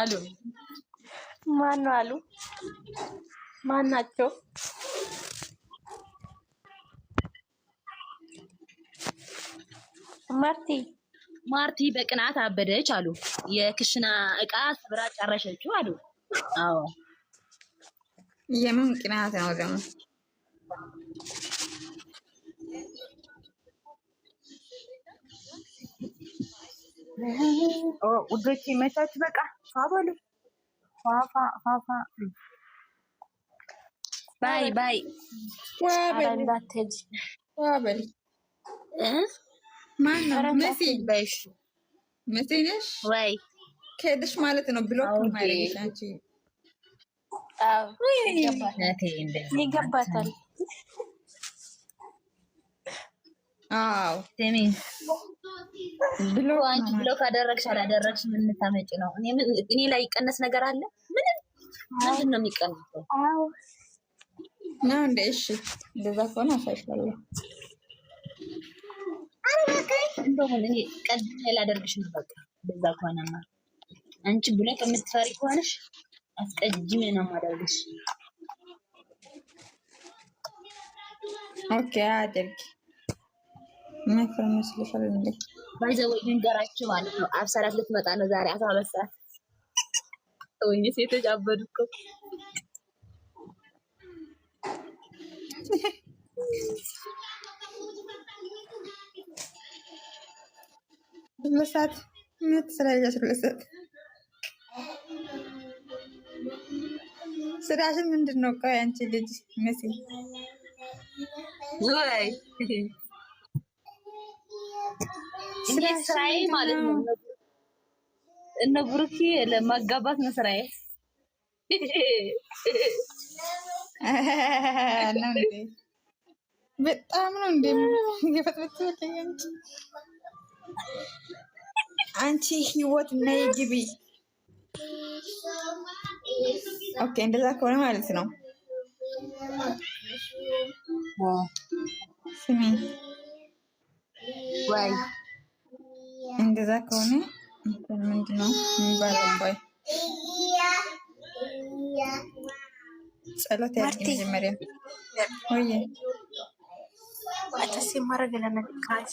አሉ ማን ነው አሉ ማን ናቸው? ማርቲ ማርቲ በቅናት አበደች አሉ። የክሽና እቃ ስብራ ጨረሸችው አሉ። አዎ የምን ቅናት ነው ደግሞ? ውዶች ይመቻችሁ። በቃ በሉ ፋፋ ባይ ባይ እንዳትሄጂ ወይ ከሄድሽ ማለት ነው ብሎክ ይገባታል። አዎ ቴሜ ብሎ አንቺ ብሎ ካደረግሽ አላደረግሽ ምን ታመጪ ነው? እኔ ላይ ይቀነስ ነገር አለ? ምንም ምንድን ነው የሚቀነሰው? ነው እንደ እሺ፣ እንደዛ ከሆነ አሳይሻለሁ። እንደሆነ እኔ ላይ ላደርግሽ ነው። በቃ እንደዛ ከሆነማ አንቺ ብሎ ከምትፈሪ ከሆነሽ አስቀጅሜ ነው የማደርግሽ። ኦኬ አድርጊ የሚያፈር መስልሻል እንዴ? ባይዘወይ ልንገራችሁ ማለት ነው። አብሰራት ልትመጣ ነው ዛሬ አስራ ሁለት ሰዓት ወይ ሴቶች አበዱ እኮ ለሰዓት ምት ስለያሽ ለሰዓት ስራሽ ምንድን ነው? ቆይ አንቺ ልጅ መሲ ወይ ይሄ ስራዬ ማለት ነው። እነ ብሩኬ ለማጋባት ነው ስራዬ። በጣም ነው እንደ የፈጥበት አንቺ ህይወት ነይ ግቢ። ኦኬ እንደዛ ከሆነ ማለት ነው ስሚ ባይ እንደዛ ከሆነ ምንድን ነው የሚባለው? ባይ ጸሎት ያ መጀመሪያ ወየ አጨሴ ማድረግ ለመካት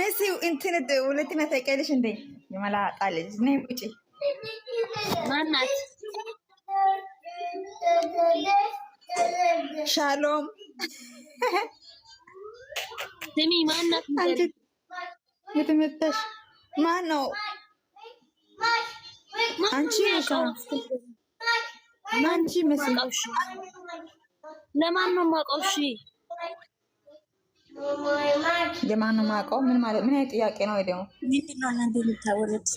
መሲ እንትን ሁለተኛ ታውቂያለሽ እንደ የመላጣ ልጅ ነይ ውጪ ማናት ሻሎም ስሚ፣ ማናት የተመታሽ? ማን ነው? አንቺ ነሽ? መስሎሽ? ለማን ነው የማውቀው? እሺ፣ ነው የማውቀው? ምን ማለት ምን አይነት ጥያቄ ነው? ወይ ደግሞ ምንድን ነው እናንተ የምታወሩት?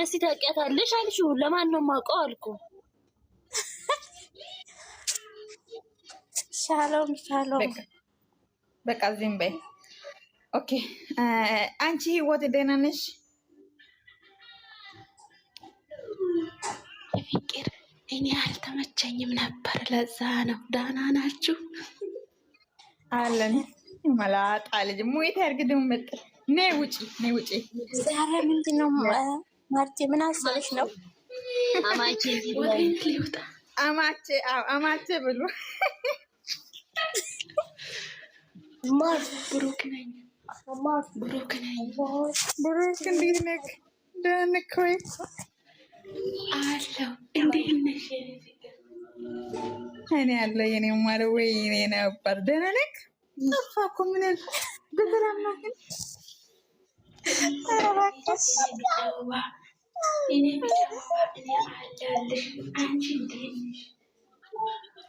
መሲ ታውቂያታለሽ አልሽው። ለማን ነው የማውቀው አልኩ። ሻሎም ሻሎም። በቃ ዝም በይ። ኦኬ አንቺ ህይወት ደህና ነሽ? ፍቅር እኔ አልተመቸኝም ነበር። ለዛ ነው። ደህና ናችሁ? አለን መላጣ ልጅ ሙይታ ያርግድም መጥ ነይ ውጪ፣ ነይ ውጪ። ዛሬ ምንድነው ማርቴ ምን አስበሽ ነው? አማቼ ብሎ ማር ብሩክ ነኝ። ብሩክ እንዴት ነህ? ደህና ነህ ኮይ አለሁ። እንዴት ነሽ? እኔ አለ የኔ ማር ወይ እኔ ነበር። ደህና ነህ? ጠፋ እኮ ምን ያልኩህ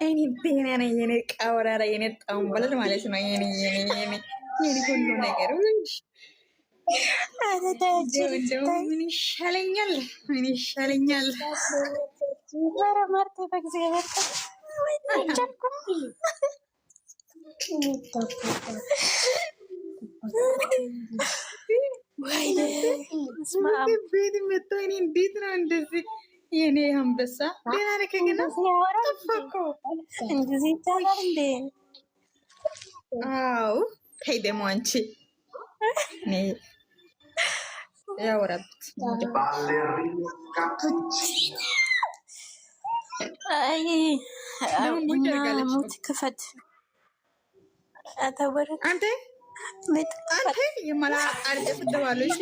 እኔ ቤና ነኝ የኔ ቀወራራ የኔ ጣም ማለት ነው። የኔ የኔ የኔ የኔ ሁሉ ነገር ምን ይሻለኛል? ምን ይሻለኛል? ማርቴ በጊዜ ቤት መጥቶ እኔ እንዴት ነው እንደዚህ የኔ አንበሳ ደህና ነህ? ግን ጠፋህ እንደዚህ ይቻላል እንዴ? አዎ ተይ ደግሞ አንቺ ያወራብት ሙት ክፈት አንተ አንተ የማላ አርጀ ፍደባለሽ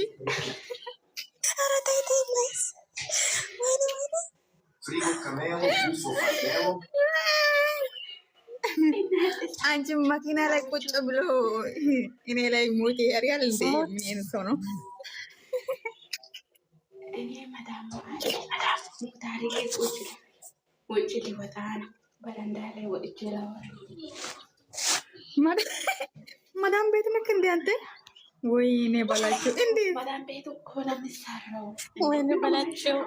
አንቺ መኪና ላይ ቁጭ ብሎ እኔ ላይ ሞት ያሪያል እንዴ ሰው ነው። ማዳም ቤት ነክ እንዴ አንተ ወይኔ በላቸው እንዴት በጣም ቤቱ እኮ ነው ወይኔ በላቸው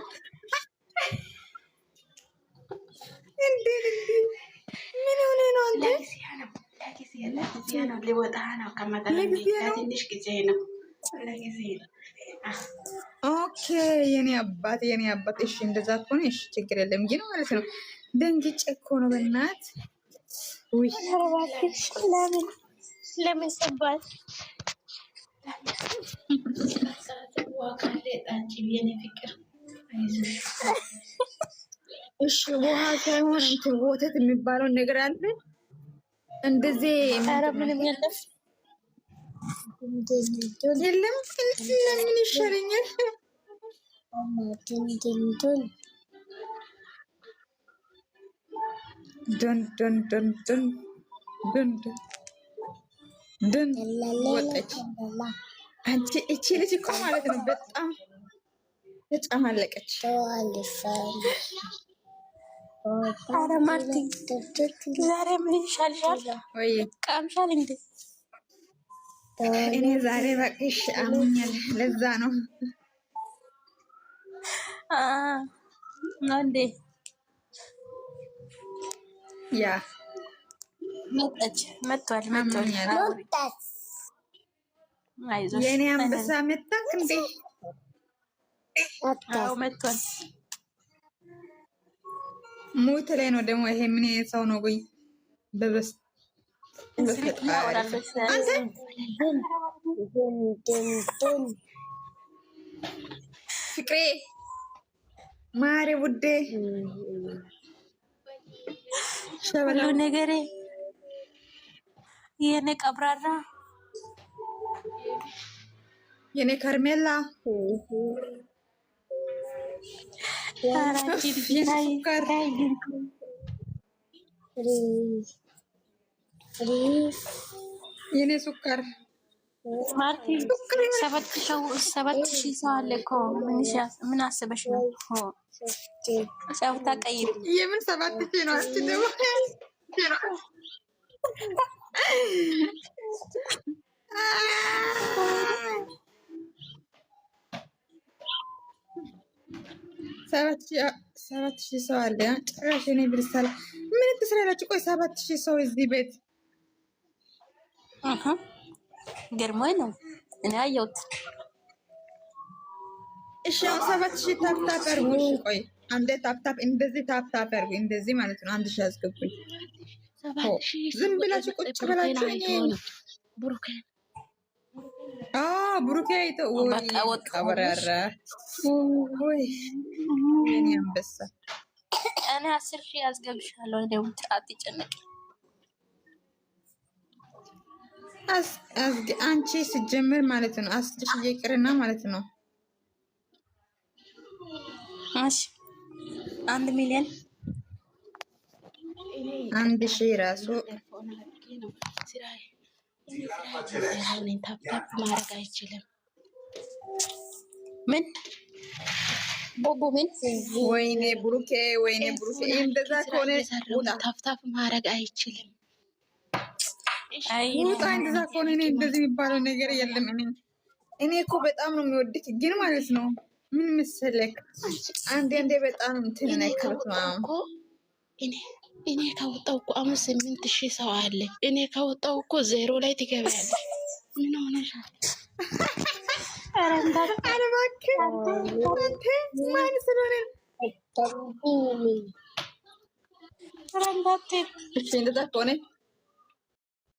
ምን ሆነ ነው አንተ? ኦኬ የኔ አባት የኔ አባት፣ እሺ እንደዛ ከሆነ እሺ ችግር የለም ግን ማለት ነው ደንግጬ እኮ ነው በእናት ውይ ለምን ለምን ስባል እሺ ውሃ ሳይሆን እንትን ወተት የሚባለውን ነገር አለ። እንደዚህ ምንም የለም የለም። ምን ይሻለኛል? ዶን ዶን ዶን ዶን ዶን ድን ወጠች። አንቺ እቺ ልጅ እኮ ማለት ነው በጣም ተጨማለቀች። አረ ማርቲ ዛሬ ምን ይሻልሻል? እንዴ? እኔ ዛሬ በቅሽ አሞኛል። ለዛ ነው ያ መጥቷል መጥቷል። የኔ አንበሳ መጣክ እንዴ? አዎ መጥቷል። ሞት ላይ ነው ደግሞ ይሄ ምን ሰው ነው? ቆይ በበስ ፍቅሬ ማሪ ውዴ ነገሬ የኔ ቀብራራ የኔ ከርሜላ የኔ ሱከር ማርቲ ሰባት ሺህ ሰው አለ እኮ ምን አስበሽ ነው? ጨዋታ ቀይር። የምን ሰባት ሺህ ነው? ሰባት ሺህ ሰው አለ። ጭራሽ እኔ ብልሳል ምን ትስራላችሁ? ቆይ ሰባት ሺህ ሰው እዚህ ቤት ገርሞኝ ነው እኔ አየሁት። እሺ ሰባት ሺህ ታፕታፕ አድርጉ። ቆይ አንዴ ታፕታፕ እንደዚህ ታፕታፕ አድርጉ። እንደዚህ ማለት ነው። አንድ ሺህ አስገቡኝ ዝም ብላችሁ ቁጭ ብላችሁ ብሩኬ ብሩኬ ይተወጣወራራ እኔ አንበሳ እኔ አስር ሺህ ያስገብሻለሁ። እንደው አትጨነቂ። አንቺ ስጀምር ማለት ነው አስር ሺህ ይቅርና ማለት ነው አንድ ሚሊዮን አንድ ሺ ራሱ ታፕታፕ ማድረግ አይችልም። ምን ቦቦ ምን ወይኔ ብሩኬ ወይኔ ብሩኬ እንደዛ ከሆነ ታፕታፕ ማድረግ አይችልም። ውጣ እንደዛ ከሆነ እኔ እንደዚህ የሚባለው ነገር የለም። እኔ እኮ በጣም ነው የሚወድክ ግን ማለት ነው ምን መሰለክ አንዴ አንዴ በጣም እንትን ነክርት ነው እኔ ካወጣው እኮ አምስት ስምንት ሺህ ሰው አለ። እኔ ካወጣው እኮ ዜሮ ላይ ትገቢያለሽ። ምን ሆነሻል?